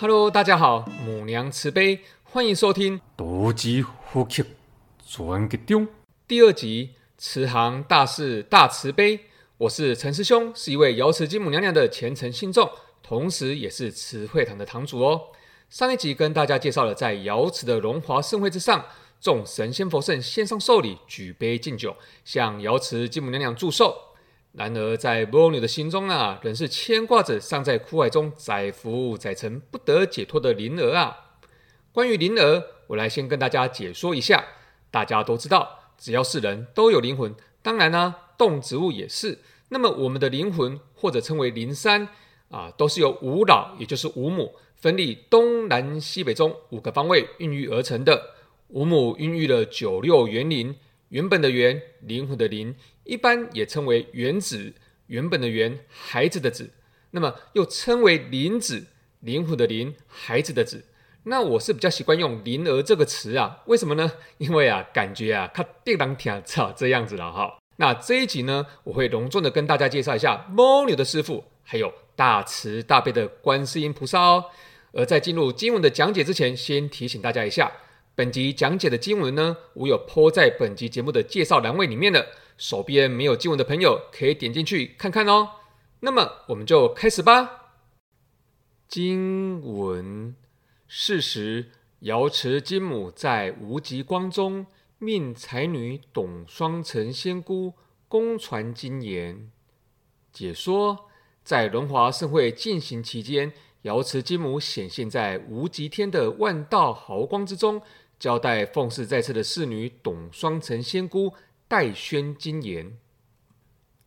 Hello，大家好，母娘慈悲，歡迎收聽《度己呼吸傳》集中第二集《慈航大士大慈悲》。我是陳師兄，是一位瑤池金母娘娘的虔誠信眾，同時也是慈惠堂的堂主哦。上一集跟大家介紹了，在瑤池的榮華盛會之上，眾神仙佛聖獻上壽禮，舉杯敬酒，向瑤池金母娘娘祝壽。然而，在波妞的心中啊，仍是牽掛着尚在苦海中載浮載沉、不得解脫的靈兒啊。關於靈兒，我來先跟大家解說一下。大家都知道，只要是人都有靈魂，當然呢、啊，動植物也是。那麼，我們的靈魂或者稱為靈山啊，都是由五老，也就是五母，分立東南西北中五個方位孕育而成的。五母孕育了九六原靈。原本的原靈魂的靈，一般也稱為原子。原本的原孩子的子，那麼又稱為靈子靈魂的靈孩子的子。那我是比較習慣用“靈兒”這個詞啊，為什麼呢？因為啊，感覺啊，它叮噹跳差這樣子了哈。那這一集呢，我會隆重的跟大家介紹一下母娘的師父，還有大慈大悲的觀世音菩薩哦。而在進入經文的講解之前，先提醒大家一下。本集講解的經文呢，我有鋪在本集節目的介紹欄位裡面的。手邊沒有經文的朋友，可以點進去看看哦。那麼我們就開始吧。經文：是時瑤池金母在無極光中，命彩女董雙成仙姑，恭傳經言。解說：在輪華盛會進行期間，瑤池金母顯現在無極天的萬道豪光之中。交代奉侍在側的侍女董雙成仙姑代宣金言。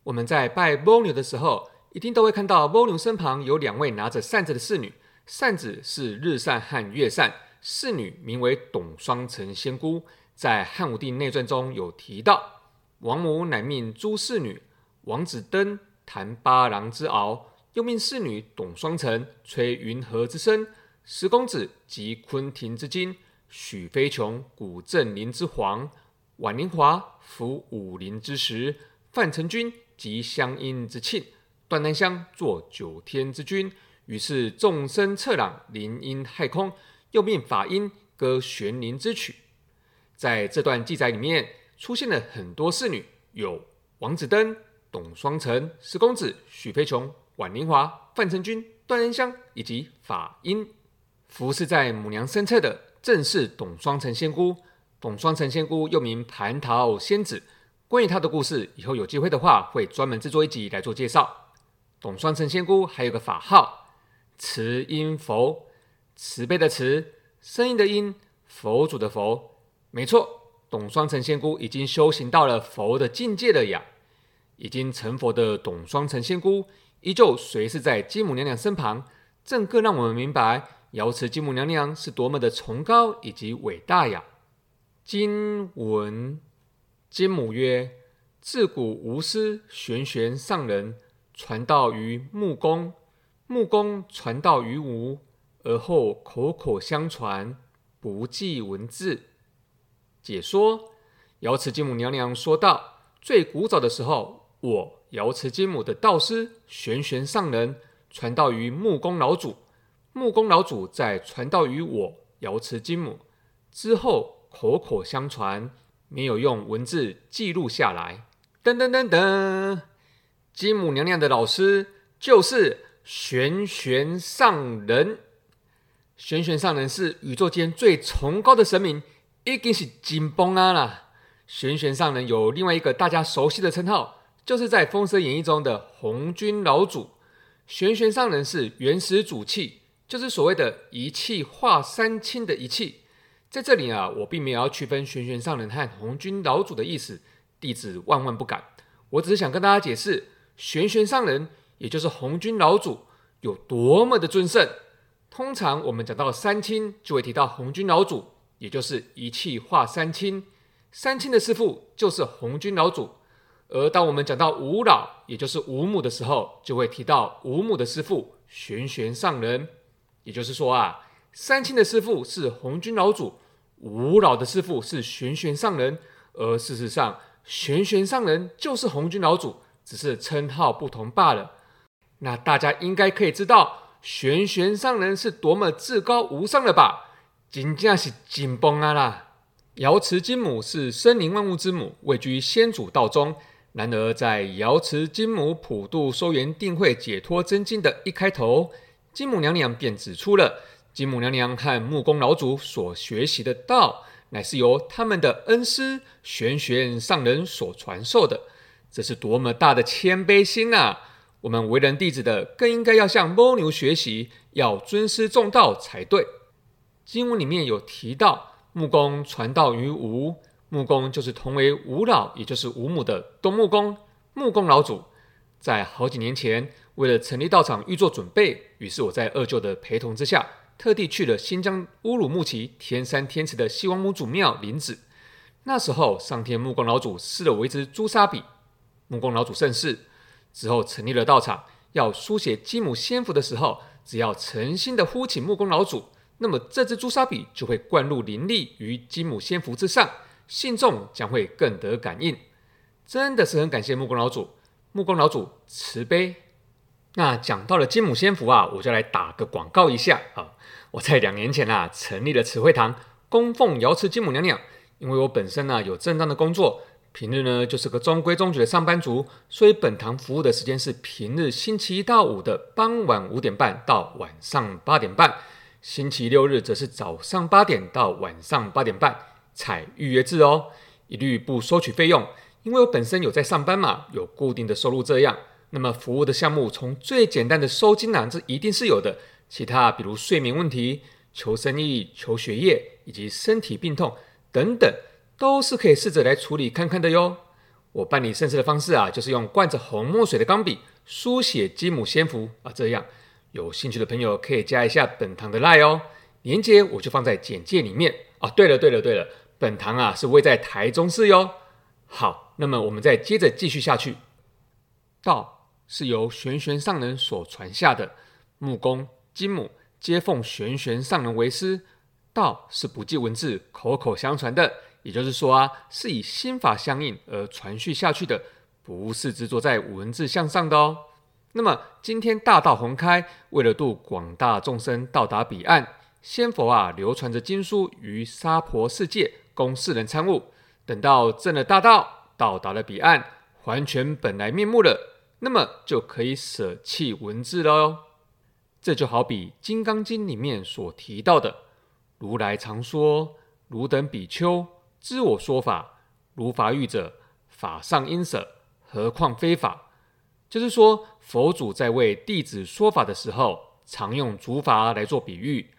我們在拜蝸牛、um、的時候，一定都會看到蝸牛、um、身旁有兩位拿着扇子的侍女，扇子是日扇和月扇。侍女名為董雙成仙姑，在《漢武帝內傳》中有提到：王母乃命諸侍女王子登彈八郎之敖，又命侍女董雙成吹雲和之聲，石公子及昆庭之金。許飛瓊鼓震靈之簧，婉凌華拊五靈之石，范成君擊湘陰之磬，段安香作九天之鈞。於是眾聲澈朗，靈音駭空。又命法嬰歌玄靈之曲。在這段記載裡面，出現了很多侍女，有王子登、董雙成、石公子、許飛瓊、婉凌華、范成君、段安香以及法嬰，服侍在母娘身側的。正是董雙成仙姑，董雙成仙姑又名蟠桃仙子。關於她的故事，以後有機會的話會專門製作一集來做介紹。董雙成仙姑還有個法號，慈音佛，慈悲的慈，聲音的音，佛祖的佛。沒錯，董雙成仙姑已經修行到了佛的境界了呀！已經成佛的董雙成仙姑，依舊隨侍在金母娘娘身旁，正更讓我們明白。瑤池金母娘娘是多麼的崇高以及偉大呀！金文金母曰：“自古無私玄玄上人傳道於木公，木公傳道於吾，而後口口相傳，不記文字。”解說：瑤池金母娘娘說道：“最古早的時候，我瑤池金母的道師玄玄上人傳道於木公老祖。”木公老祖在傳道於我瑤池金母之後，口口相傳，沒有用文字記錄下來。噔噔噔噔，金母娘娘的老師就是玄玄上人。玄玄上人是宇宙間最崇高的神明，一定是金崩啊啦。玄玄上人有另外一個大家熟悉的稱號，就是在《封神演義》中的鴻鈞老祖。玄玄上人是原始祖氣。就是所謂的“一氣化三清”的一氣，在這裡啊，我並沒有要區分玄玄上人和鴻鈞老祖的意思，弟子萬萬不敢。我只是想跟大家解釋，玄玄上人也就是鴻鈞老祖有多麼的尊聖。通常我們講到三清，就會提到鴻鈞老祖，也就是“一氣化三清”，三清的師父就是鴻鈞老祖。而當我們講到五老，也就是五母的時候，就會提到五母的師父玄玄上人。也就是說啊，三清的師父是鴻鈞老祖，五老的師父是玄玄上人，而事實上，玄玄上人就是鴻鈞老祖，只是稱號不同罷了。那大家應該可以知道，玄玄上人是多麼至高無上了吧？真正是金崩啊啦！瑤池金母是生靈萬物之母，位居先祖道中。然而，在《瑤池金母普度收圓定慧解脫真經》的一開頭。金母娘娘便指出了，金母娘娘和木公老祖所學習的道，乃是由他們的恩師玄玄上人所傳授的。這是多麼大的謙卑心啊！我們為人弟子的，更應該要向蝸牛學習，要尊師重道才對。經文裡面有提到，木公傳道於吾，木公就是同為吳老，也就是吳母的東木公，木公老祖，在好幾年前。為了成立道場，預做準備，於是我在二舅的陪同之下，特地去了新疆烏魯木齊天山天池的西王母祖廟領旨。那時候，上天木公老祖賜了我一支朱砂筆，木公老祖盛世。之後成立了道場，要書寫金母仙符的時候，只要誠心的呼請木公老祖，那麼這支朱砂筆就會灌入靈力於金母仙符之上，信眾將會更得感應。真的是很感謝木公老祖，木公老祖慈悲。那講到了金母仙福啊，我就來打個廣告一下啊！我在兩年前啊成立了慈惠堂，供奉瑤池金母娘娘。因為我本身啊，有正當的工作，平日呢就是個中規中矩的上班族，所以本堂服務的時間是平日星期一到五的傍晚五點半到晚上八點半，星期六日則是早上八點到晚上八點半，採預約制哦，一律不收取費用，因為我本身有在上班嘛，有固定的收入這樣。那麼服務的項目，從最簡單的收金囊、啊，子一定是有的。其他比如睡眠問題、求生意、求學業，以及身體病痛等等，都是可以試着來處理看看的喲。我辦理聖事的方式啊，就是用灌着紅墨水的鋼筆書寫金母仙符啊，這樣。有興趣的朋友可以加一下本堂的 Line 哦，鏈接我就放在簡介裡面啊。對了對了對了，本堂啊是位在台中市喲。好，那麼我們再接着繼續下去到。是由玄玄上人所傳下的木公、金母皆奉玄玄上人為師，道是不記文字，口口相傳的，也就是說啊，是以心法相應而傳續下去的，不是執着在文字向上的哦。那麼今天大道宏開，為了度廣大眾生到達彼岸，仙佛啊流傳着經書於娑婆世界，供世人參悟。等到正了大道，到達了彼岸，還原本來面目了。那麼就可以捨棄文字了喲。這就好比《金剛經》裡面所提到的：“如來常說，汝等比丘，知我說法，如筏喻者，法尚應捨，何況非法。”就是說，佛祖在為弟子說法的時候，常用竹筏來做比喻。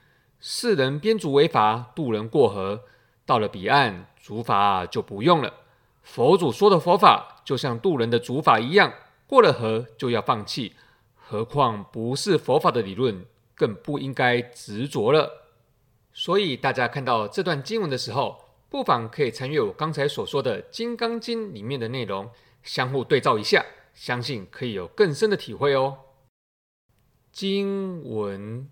世人編竹為筏，渡人過河，到了彼岸，竹筏就不用了。佛祖說的佛法，就像渡人的竹筏一樣。過了河就要放棄，何況不是佛法的理論，更不應該執着了。所以大家看到這段經文的時候，不妨可以參閱我剛才所說的《金剛經》裡面的內容，相互對照一下，相信可以有更深的體會哦。經文，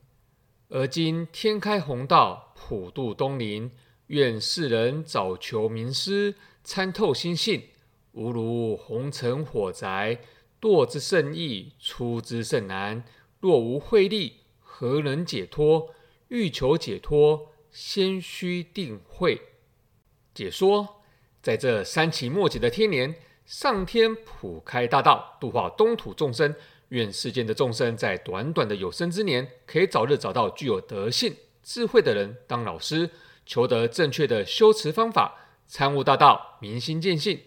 而今天開宏道，普渡東林，願世人早求明師，參透心性，無如紅塵火宅。墮之甚易，出之甚難。若無慧力，何能解脫？欲求解脫，先須定慧。解說：在這三期末節的天年，上天普開大道，度化東土眾生。願世間的眾生，在短短的有生之年，可以早日找到具有德性、智慧的人當老師，求得正確的修持方法，參悟大道，明心見性。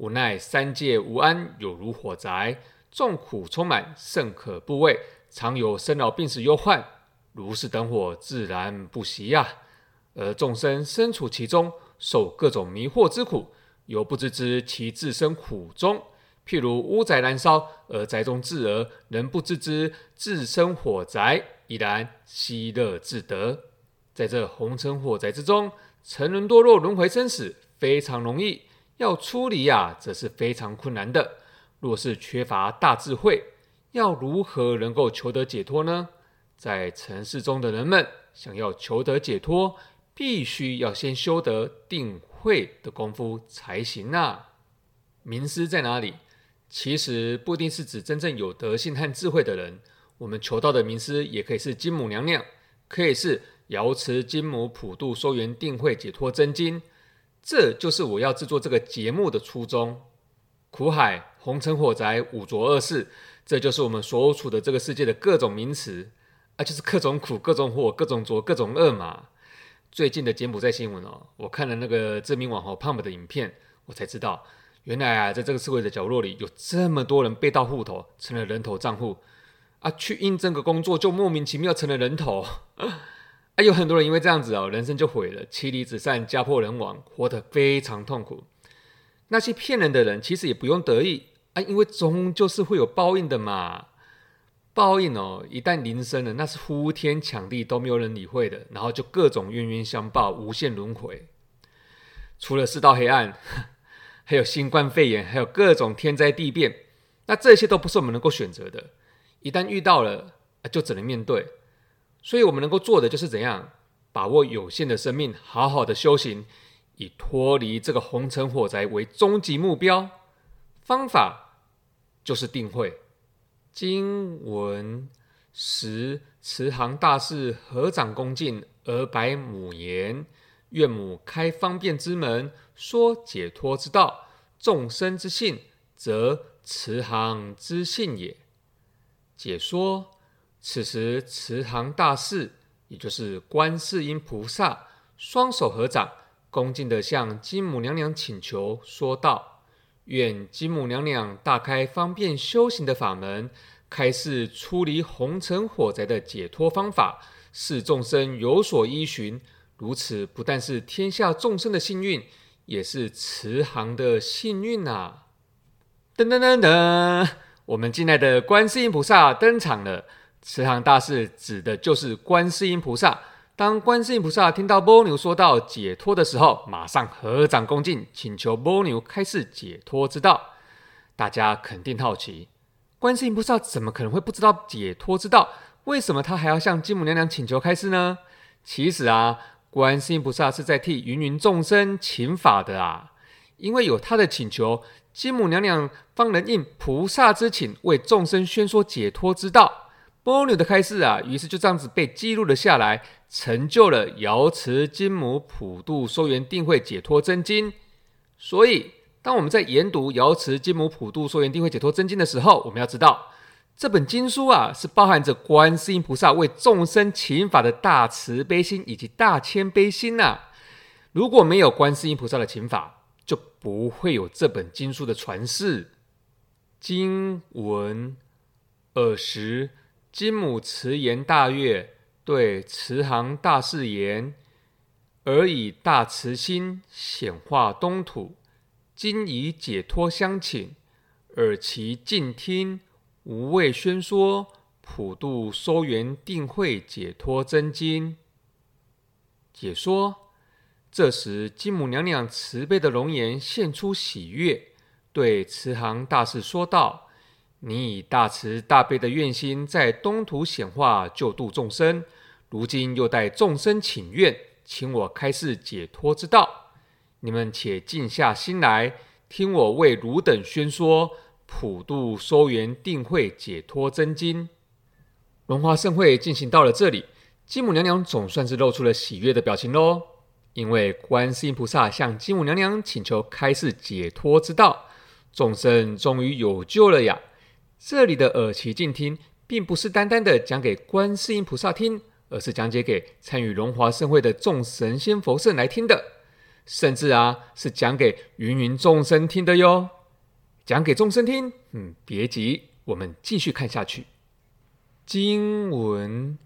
無奈三界無安，有如火宅，眾苦充滿，甚可怖畏。常有生老病死憂患，如是等火自然不息呀、啊。而眾生身處其中，受各種迷惑之苦，猶不知知其自身苦中。譬如屋宅燃燒，而宅中稚兒，仍不知知自身火宅，依然嬉樂自得。在這紅塵火宅之中，沉淪墮落、輪回生死，非常容易。要出離呀、啊，則是非常困難的。若是缺乏大智慧，要如何能夠求得解脫呢？在塵世中的人們想要求得解脫，必須要先修得定慧的功夫才行吶、啊。明師在哪裡？其實不一定是指真正有德性和智慧的人。我們求道的明師也可以是金母娘娘，可以是瑤池金母普度收圓定慧解脫真經。這就是我要製作這個節目的初衷。苦海、紅塵火、火宅、五濁惡世，這就是我們所處的這個世界的各種名詞。啊，就是各種苦、各種火、各種濁、各種惡嘛。最近的柬埔寨新聞哦，我看了那個知名網紅胖的影片，我才知道，原來啊，在這個社會的角落裡，有這麼多人被盜戶頭，成了人頭賬戶啊，去應徵個工作就莫名其妙成了人頭。啊，有很多人因為這樣子哦，人生就毀了，妻離子散，家破人亡，活得非常痛苦。那些騙人的人，其實也不用得意啊，因為終究是會有報應的嘛。報應哦，一旦臨身了，那是呼天搶地都沒有人理會的，然後就各種冤冤相報，無限輪迴。除了世道黑暗，還有新冠肺炎，還有各種天災地變，那這些都不是我們能夠選擇的，一旦遇到了，啊，就只能面對。所以我們能夠做的就是怎樣把握有限的生命，好好的修行，以脫離這個紅塵火宅為終極目標。方法就是定慧。經文：時慈航大士，合掌恭敬而白母言：願母開方便之門，說解脫之道。眾生之幸，則慈航之幸也。解說。此時，慈航大士，也就是觀世音菩薩，雙手合掌，恭敬地向金母娘娘請求說道：“願金母娘娘大開方便修行的法門，開示出離紅塵火宅的解脫方法，使眾生有所依循。如此，不但是天下眾生的幸運，也是慈航的幸運啊！”噔噔噔噔，我們進來的觀世音菩薩登場了。慈航大士指的就是觀世音菩薩。當觀世音菩薩聽到母娘說到解脫的時候，馬上合掌恭敬，請求母娘開示解脫之道。大家肯定好奇，觀世音菩薩怎麼可能會不知道解脫之道？為什麼他還要向金母娘娘請求開示呢？其實啊，觀世音菩薩是在替芸芸眾生請法的啊，因為有他的請求，金母娘娘方能應菩薩之請，為眾生宣說解脫之道。魔女的開示啊，於是就這樣子被記錄了下來，成就了《瑤池金母普度收圓定慧解脫真經》。所以，當我們在研讀《瑤池金母普度收圓定慧解脫真經》的時候，我們要知道，這本經書啊，是包含着觀世音菩薩為眾生請法的大慈悲心以及大謙卑心吶、啊。如果沒有觀世音菩薩的請法，就不會有這本經書的傳世。經文爾時。金母慈顏大悅，對慈航大士言：“爾以大慈心顯化東土，今以解脫相請，爾其靜聽，吾為宣說普度收圓定慧解脫真經。”解說。這時，金母娘娘慈悲的容顏現出喜悅，對慈航大士說道。你以大慈大悲的願心在東土顯化救度眾生，如今又待眾生請願，請我開示解脫之道。你們且靜下心來，聽我為汝等宣說《普度收圓定慧解脫真經》。文化盛會進行到了這裡，金母娘娘總算是露出了喜悅的表情咯，因為觀世音菩薩向金母娘娘請求開示解脫之道，眾生終於有救了呀。這裡的爾其靜聽，並不是單單的講給觀世音菩薩聽，而是講解給參與龍華盛會的眾神仙佛聖來聽的，甚至啊是講給芸芸眾生聽的喲。講給眾生聽，嗯，別急，我們繼續看下去。經文：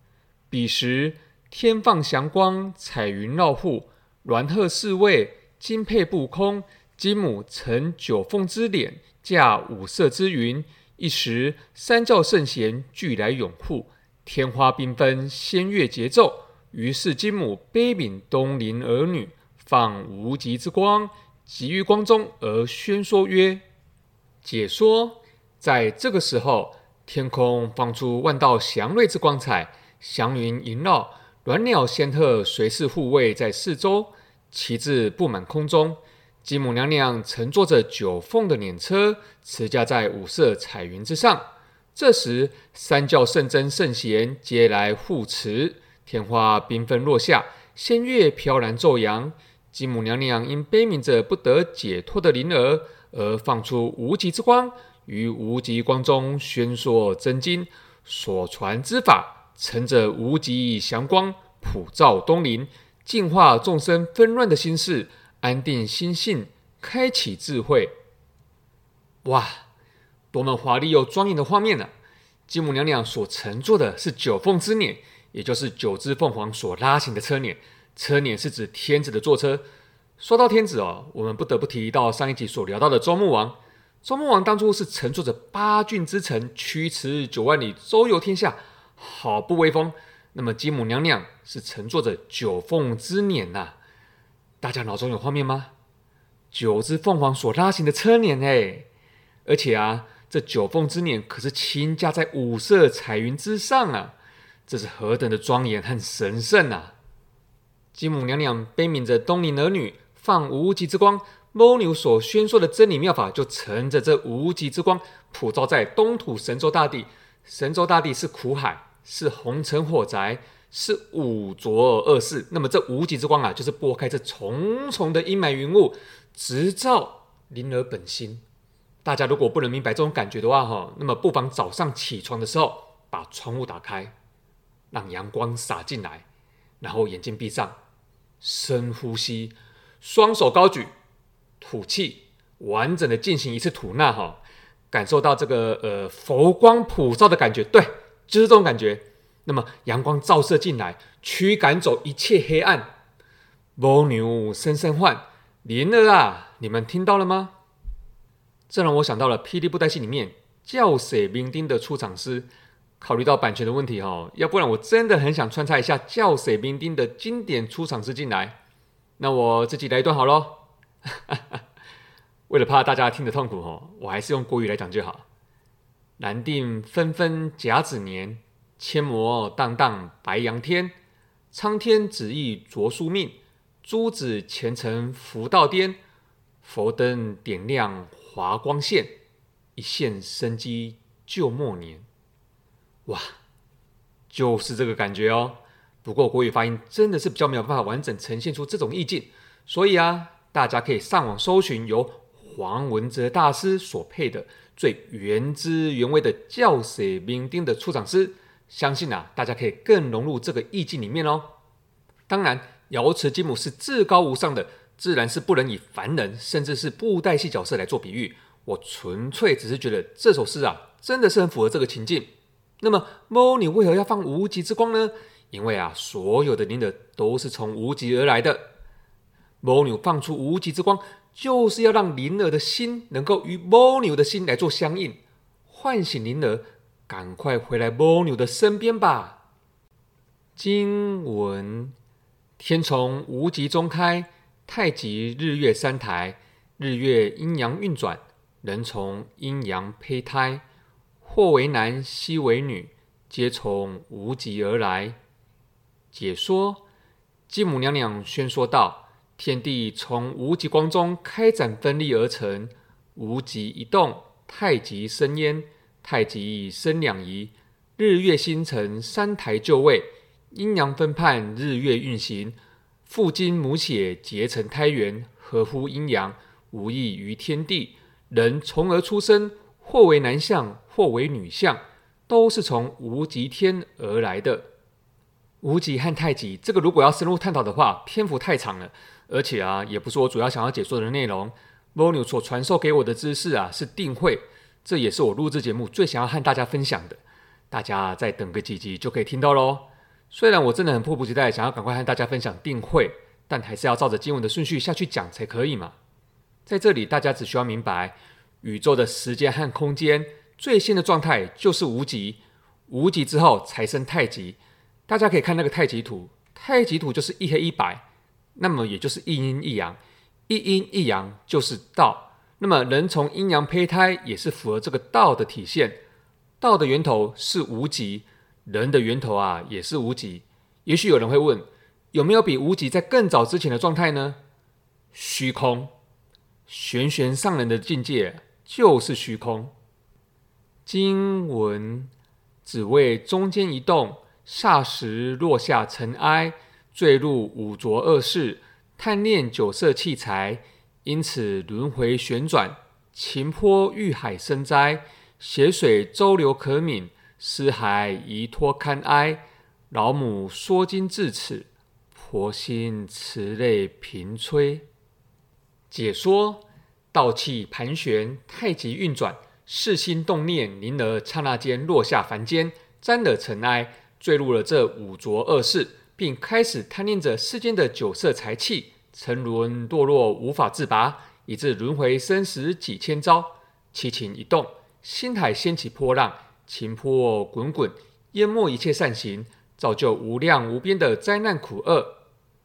彼時天放祥光，彩雲繞戶，鸞鶴侍衛，旌旆佈空，金母乘九鳳之輦，駕五色之雲。一時，三教聖賢俱來擁護，天花繽紛，仙樂節奏。於是金母悲憫東林兒女，放無極之光，即於光中而宣說曰：解說，在這個時候，天空放出萬道祥瑞之光彩，祥雲縈繞，鸞鳥仙鶴隨侍護衛在四周，旗幟布滿空中。金母娘娘乘坐着九鳳的輦車，持駕在五色彩雲之上。這時，三教聖真聖賢皆來護持，天花繽紛落下，仙樂飄然奏揚。金母娘娘因悲憫着不得解脫的靈兒，而放出無極之光。於無極光中宣說真經，所傳之法，乘着無極祥光，普照東林，淨化眾生紛亂的心事。安定心性，開啟智慧。哇，多麼華麗又莊嚴的畫面呢、啊！金母娘娘所乘坐的是九鳳之輦，也就是九隻鳳凰所拉行的車輦。車輦是指天子的坐車。說到天子哦，我們不得不提到上一集所聊到的周穆王。周穆王當初是乘坐着八駿之乘，驅馳九萬里，周遊天下，好不威風。那麼金母娘娘是乘坐着九鳳之輦吶、啊。大家腦中有畫面嗎？九只鳳凰所拉行的車輦哎，而且啊，這九鳳之輦可是傾駕在五色彩雲之上啊！這是何等的莊嚴和神聖啊！金母娘娘悲憫着東林兒女，放無極之光。母娘所宣說的真理妙法，就乘着這無極之光，普照在東土神州大地。神州大地是苦海，是紅塵火宅。是五濁惡世，那麼這無極之光啊，就是撥開這重重的陰霾雲霧，直照靈兒本心。大家如果不能明白這種感覺的話，哈，那麼不妨早上起床的時候，把窗戶打開，讓陽光灑進來，然後眼睛閉上，深呼吸，雙手高舉，吐氣，完整的進行一次吐納，哈，感受到這個呃佛光普照的感覺，對，就是這種感覺。那麼陽光照射進來，驅趕走一切黑暗。母娘聲聲喚，林兒啊，你們聽到了嗎？這讓我想到了《霹靂布袋戲》裡面“叫水兵丁”的出場詩。考慮到版權的問題，哦，哈，要不然我真的很想穿插一下“叫水兵丁”的經典出場詩進來。那我自己來一段好嘍。 為了怕大家聽得痛苦，哦，吼，我還是用國語來講就好。南定紛紛甲子年，千魔蕩蕩白陽天，蒼天旨意着書命，諸子虔誠福道顛，佛燈點亮華光線，一線生機救末年。哇，就是這個感覺哦。不過國語發音真的是比較沒有辦法完整呈現出這種意境，所以啊，大家可以上網搜尋由黃文澤大師所配的最原汁原味的教學名丁的出場詩。相信啊，大家可以更融入這個意境裡面哦。當然，瑤池金母是至高無上的，自然是不能以凡人甚至是布袋戲角色來做比喻。我純粹只是覺得這首詩啊，真的是很符合這個情境。那麼，母娘為何要放無極之光呢？因為啊，所有的靈兒都是從無極而來的。母娘放出無極之光，就是要讓靈兒的心能夠與母娘的心來做相應，喚醒靈兒。趕快回來蝸牛的身邊吧。經文：天從無極中開，太極日月三台，日月陰陽運轉，人從陰陽胚胎，或為男，兮為女，皆從無極而來。解說：金母娘娘宣說道：“天地從無極光中開展分立而成，無極一動，太極生焉。”太極生兩儀，日月星辰三台就位，陰陽分判，日月運行，父精母血結成胎元，合乎陰陽，無異於天地，人從而出生，或為男相，或為女相，都是從無極天而來的。無極和太極，這個如果要深入探討的話，篇幅太長了，而且啊，也不是我主要想要解說的內容。母娘所傳授給我的知識啊，是定慧。這也是我錄製節目最想要和大家分享的，大家再等個幾集就可以聽到嘍。雖然我真的很迫不及待想要趕快和大家分享定慧，但還是要照着經文的順序下去講才可以嘛。在這裡，大家只需要明白宇宙的時間和空間最新的狀態就是無極，無極之後才生太極。大家可以看那個太極圖，太極圖就是一黑一白，那麼也就是一陰一陽，一陰一陽就是道。那麼人從陰陽胚胎也是符合這個道的體現，道的源頭是無極，人的源頭啊也是無極。也許有人會問，有沒有比無極在更早之前的狀態呢？虛空，玄玄上人的境界就是虛空。經文，只為中間一動，霎時落下塵埃，墜入五濁惡世，貪戀酒色氣財。因此，輪迴旋轉，情波慾海生災，血水周流可憫，屍骸遺脫堪哀。老母說經至此，婆心慈淚頻催。解說：道氣盤旋，太極運轉，世心動念，靈兒剎那間落下凡間，沾了塵埃，墜入了這五濁惡世，並開始貪戀着世間的酒色財氣。沉淪墮落,落，無法自拔，以致輪回生死幾千遭。七情一動，心海掀起波浪，情波滾滾，淹沒一切善行，造就無量無邊的災難苦厄。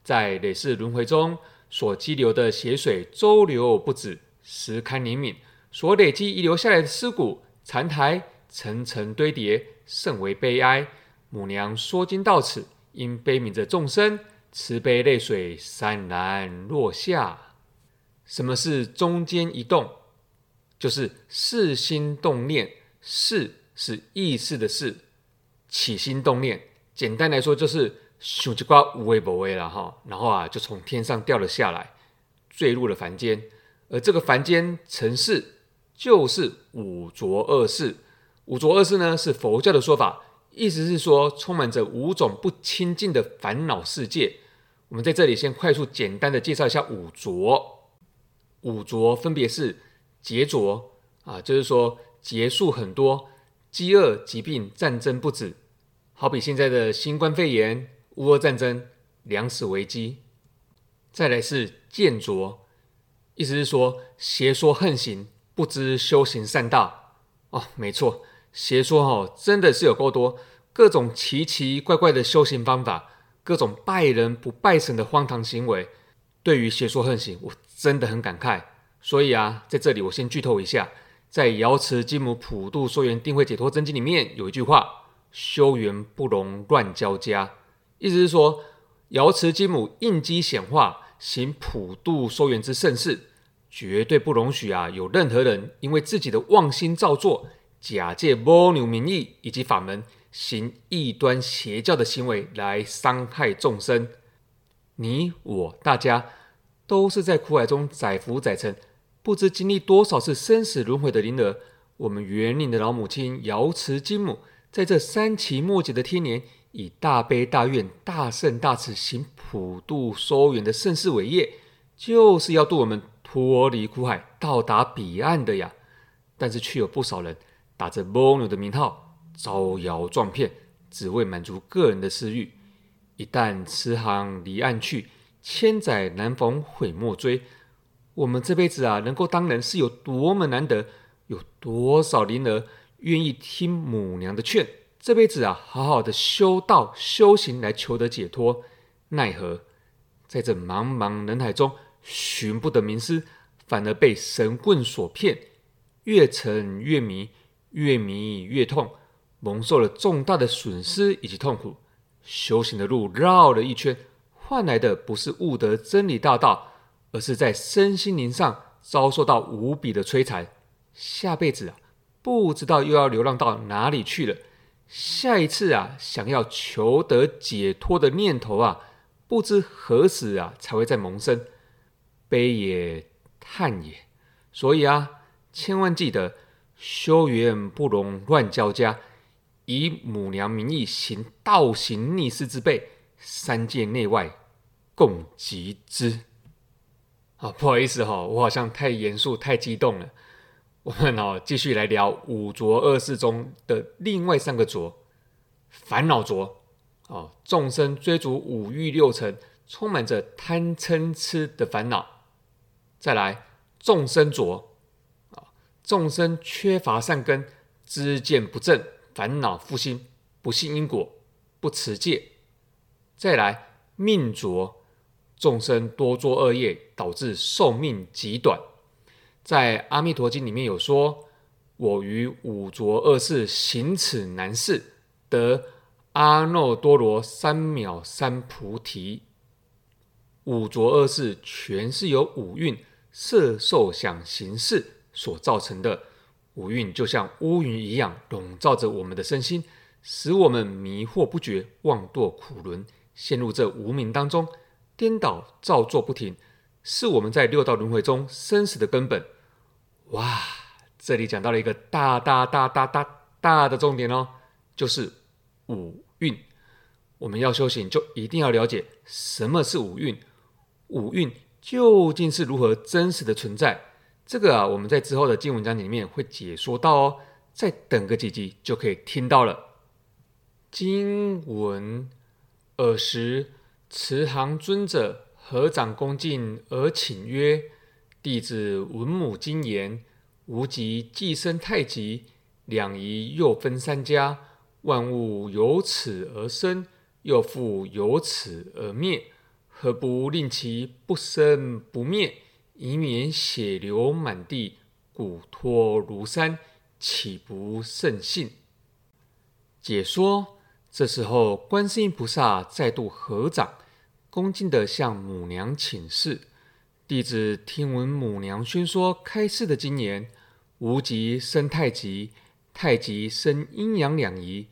在累世輪回中所積留的血水，周流不止，時堪憐憫；所累積遺留下來的屍骨殘骸，層層堆疊，甚為悲哀。母娘說經到此，因悲憫着眾生。慈悲淚水潸然落下。什麼是中間一動？就是識心動念，識是意識的識，起心動念。簡單來說，就是想一些，有的沒的了哈，然後啊，就從天上掉了下來，墜入了凡間。而這個凡間塵世，就是五濁惡世。五濁惡世呢，是佛教的說法。意思是說，充滿着五種不清淨的煩惱世界。我們在這裡先快速簡單的介紹一下五濁。五濁分別是劫濁啊，就是說劫數很多，飢餓、疾病、戰爭不止。好比現在的新冠肺炎、烏俄戰爭、糧食危機。再來是見濁，意思是說邪說橫行，不知修行善道。哦，沒錯。邪說哈、哦、真的是有夠多，各種奇奇怪怪的修行方法，各種拜人不拜神的荒唐行為。對於邪說橫行，我真的很感慨。所以啊，在這裡我先劇透一下，在《瑤池金母普渡收圓定慧解脫真經》裡面有一句話：“修圓不容亂交加。”意思是說，瑤池金母應機顯化行普渡收圓之盛世，絕對不容許啊有任何人因為自己的妄心造作。假借蝸牛名義以及法門，行異端邪教的行為來傷害眾生。你我大家都是在苦海中載浮載沉，不知經歷多少次生死輪迴的靈兒。我們原靈的老母親瑤池金母，在這三期末節的天年，以大悲大願、大聖大慈行普渡收圓的盛世偉業，就是要渡我們脫離苦海，到達彼岸的呀。但是卻有不少人。打着母娘的名號招搖撞騙，只為滿足個人的私欲。一旦慈航離岸去，千載難逢悔莫追。我們這輩子啊，能夠當人是有多麼難得？有多少靈兒願意聽母娘的勸？這輩子啊，好好的修道修行來求得解脫，奈何在這茫茫人海中尋不得名師，反而被神棍所騙，越沉越迷。越迷越痛，蒙受了重大的損失以及痛苦，修行的路繞了一圈，換來的不是悟得真理大道，而是在身心靈上遭受到無比的摧殘。下輩子啊，不知道又要流浪到哪裡去了。下一次啊，想要求得解脫的念頭啊，不知何時啊才會再萌生。悲也，嘆也，所以啊，千萬記得。修緣不容亂交加，以母娘名義行倒行逆施之輩，三界內外共緝之。啊，不好意思哈、哦，我好像太嚴肅、太激動了。我們呢、啊，繼續來聊五濁惡世中的另外三個濁：煩惱濁啊，眾生追逐五欲六塵，充滿着貪嗔痴的煩惱。再來，眾生濁。眾生缺乏善根，知見不正，煩惱覆心，不信因果，不持戒。再來命濁，眾生多作惡業，導致壽命極短。在《阿彌陀經》裡面有說：“我於五濁惡世行此難事，得阿耨多羅三藐三菩提。”五濁惡世全是由五蘊、色受想行識、受、想、行、識。所造成的五蘊，就像烏雲一樣籠罩着我們的身心，使我們迷惑不絕，妄墮苦輪，陷入這無明當中，顛倒造作不停，是我們在六道輪迴中生死的根本。哇，這裡講到了一個大大大大大大的重點哦，就是五蘊。我們要修行，就一定要了解什麼是五蘊，五蘊究竟是如何真實的存在。這個啊，我們在之後的經文章裡面會解說到哦，再等個幾集就可以聽到了。經文：爾時，慈航尊者合掌恭敬而請曰：“弟子聞母經言，無極既生太極，兩儀又分三家，萬物由此而生，又復由此而滅，何不令其不生不滅？”以免血流滿地，骨脫如山，豈不甚幸？解說：這時候，觀世音菩薩再度合掌，恭敬的向母娘請示。弟子聽聞母娘宣說開示的經言：無極生太極，太極生陰陽兩儀，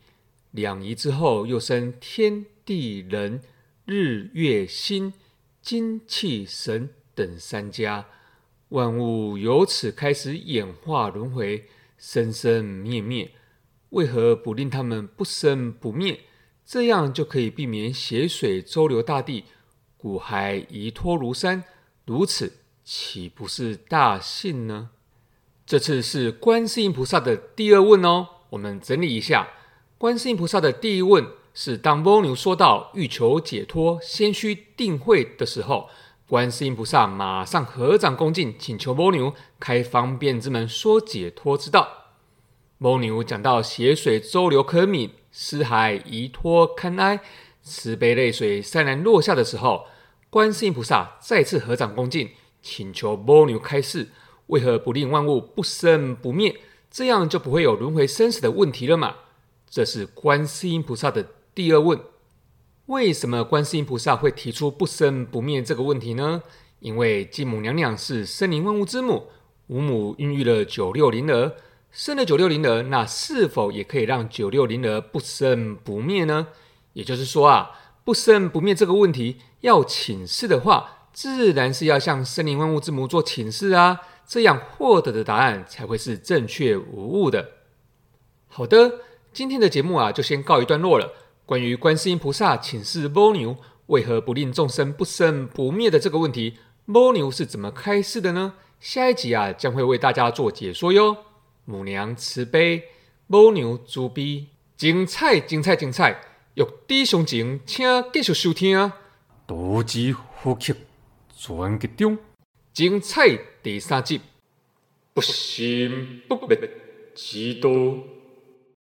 兩儀之後又生天地人、日月星、精氣神。等三家萬物由此開始演化輪迴，生生滅滅，為何不令他們不生不滅？這樣就可以避免血水周流大地，骨骸遺脫如山。如此豈不是大幸呢？這次是觀世音菩薩的第二問哦。我們整理一下，觀世音菩薩的第一問是：當蝸牛說到欲求解脫，先須定慧的時候。觀世音菩薩馬上合掌恭敬，請求母娘開方便之門，說解脫之道。母娘講到血水周流可憫，屍骸遺脫堪哀，慈悲淚水潸然落下的時候，觀世音菩薩再次合掌恭敬，請求母娘開示：為何不令萬物不生不滅？這樣就不會有輪回生死的問題了嘛？這是觀世音菩薩的第二問。為什麼觀世音菩薩會提出不生不滅這個問題呢？因為金母娘娘是生靈萬物之母，五母孕育了九六靈兒，生了九六靈兒，那是否也可以讓九六靈兒不生不滅呢？也就是說啊，不生不滅這個問題要請示的話，自然是要向生靈萬物之母做請示啊，這樣獲得的答案才會是正確無誤的。好的，今天的節目啊，就先告一段落了。關於觀世音菩薩請示母娘為何不令眾生不生不滅的這個問題，母娘是怎麼開示的呢？下一集啊將會為大家做解說喲。母娘慈悲，母娘慈悲，精彩精彩精彩，欲知詳情請繼續收聽、啊。多子呼吸，全劇終，精彩第三集，不生不滅之道。